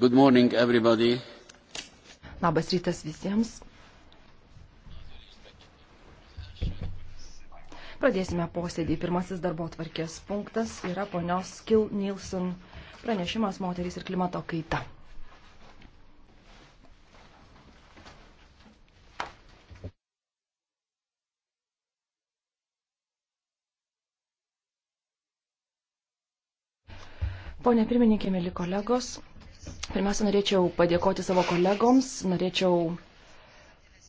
Good morning, everybody. Labas rytas visiems. Pradėsime posėdį. Pirmasis darbo tvarkės punktas yra ponios Kil Nilsson pranešimas moterys ir klimato kaita. Pone pirmininkė, mėly kolegos, Pirmiausia, norėčiau padėkoti savo kolegoms, norėčiau